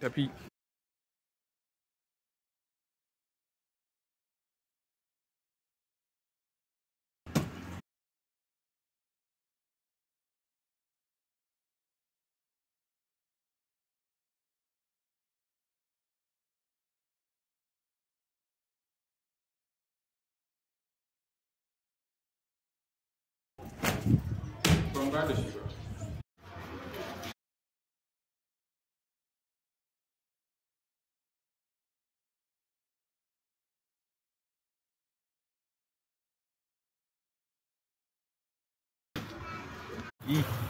牛逼！关灯了，先生。一。